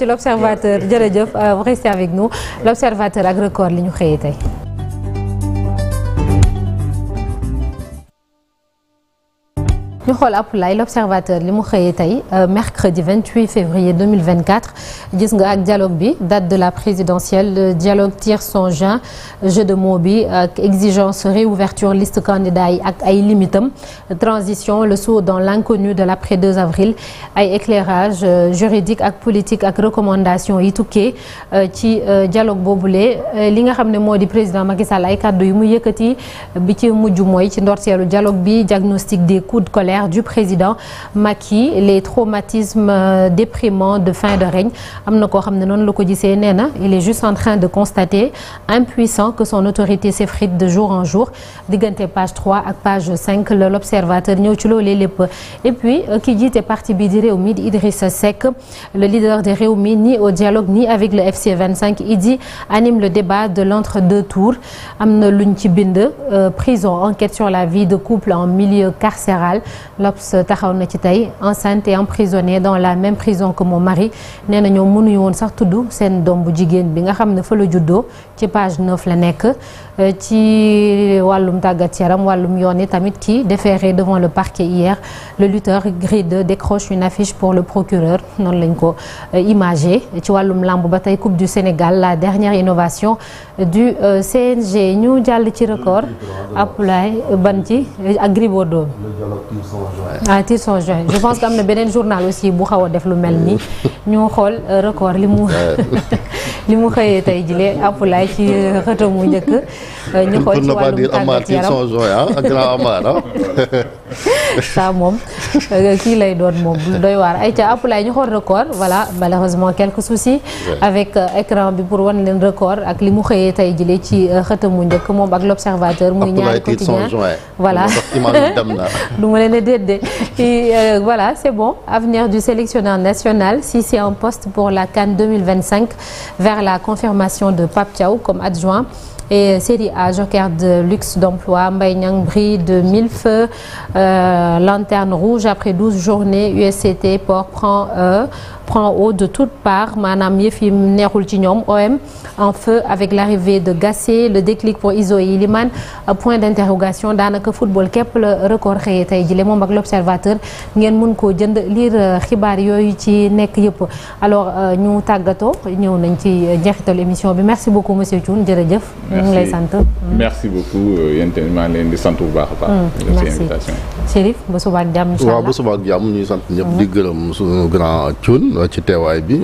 ci l'observateur jërëjëf euh, restez avec nous l'observateur ak record li ñu xëyee tey ñu xool Abdoulaye l'observateur li mu xëyee tey euh, mercredi 28 février 2024 gis nga ak dialogue bi date de la présidentielle le euh, dialogue tire son juin jeu de mots bi ak exigence réouverture liste candidat yi ak ay limitam transition le saut dans l'inconnu de l'après 2 avril ay éclairage euh, juridique ak politique ak recommandation yi tukkee ci dialogue boobule li nga xam ne moo di président Macky ay kàddu yi mu yëkkati bi ci mujj mooy ci ndorteelu dialogue bi diagnostic scolaire du président Macky les traumatismes euh, déprimants de fin de règne am na koo xam ne noonu la ko gisee nee na il est juste de constater impuissant que son autorité s'effrite de jour en jour diggante page 3 ak page 5 la l'observateur ñëw ci loolee lépp euh, ki jiite parti bi di Rewmi di Idrissa Seck le leader de Rewmi ni au dialogue ni avec le FC 25 Idy anime le débat de l'entre-deux tours am na luñ ci bind euh, prison enquête la vie de couple en milieu carcéral L'Obs taxaw na ci tey enceinte et emprisonnée dans la même prison que mon mari nee na ñoom mënuñu woon sax tudd seen doom bu jigéen bi nga xam ne fa la juddoo ci page 9 la nekk euh, ci wàllum tàggat yaram wàllum yoon yi tamit ki déféré devant le parquet hier le lutteur Gris 2 décroche une affiche pour le procureur noonu lañ ko euh, imagé ci wàllum làmb ba tey Coupe du Sénégal la dernière innovation euh, du CNG ñu jàll ci record Abdoulaye Ban ci ak Gris ah tiitson juin je pense que am na beneen journal aussi bu xaw a def lu mel ni ñu xool euh, record li mu li mu xëyee tey jilee Apulaay ci xëtam euh, mu njëkk euh, ñu xool ci wàllum tàggat yaram ça moom euh, kii lay doon moom doy waar ay ca appalay ñu xool record voilà malheureusement quelques soucis avec euh, écran bi pour wan leen record ak li mu xëyee tey jëlee ci euh, xëtam mu njëkk moom ak l'observateur muy ñaari quotidien voilà lu ma leen a déedee voilà c'est bon avenir du sélectionneur national si c'est un poste pour la CAN 2025 vers la confirmation de Pape Thiaw comme adjoint et série A joker de luxe d'emploi Mbaye Niang brille de mille feux euh, lanterne rouge après 12 journées USCT Port prend euh, prend eau de toutes parts maanaam yëf yi neexul ci ñoom OM en feu avec l'arrivée de Gassé le déclic pour Izo et Iliman euh, point d'interrogation daanaka football képp la record xëyee tey jile moom ak l'observateur ngeen mun koo jënd liir euh, xibaar yooyu ci nekk yëpp alors euh, ñu tàggatoo ñëw nañ ci njeexitalu émission bi merci beaucoup monsieur Thioune jërëjëf ñu mm. euh, ngi lay sant. merci leen di sant bu baax mm. ba suba ak jàmm incha allah waaw ba suba ak jàmm ñuy sant ñëpp di mm. gërëm suñu grand Thioune ci teewaay bi.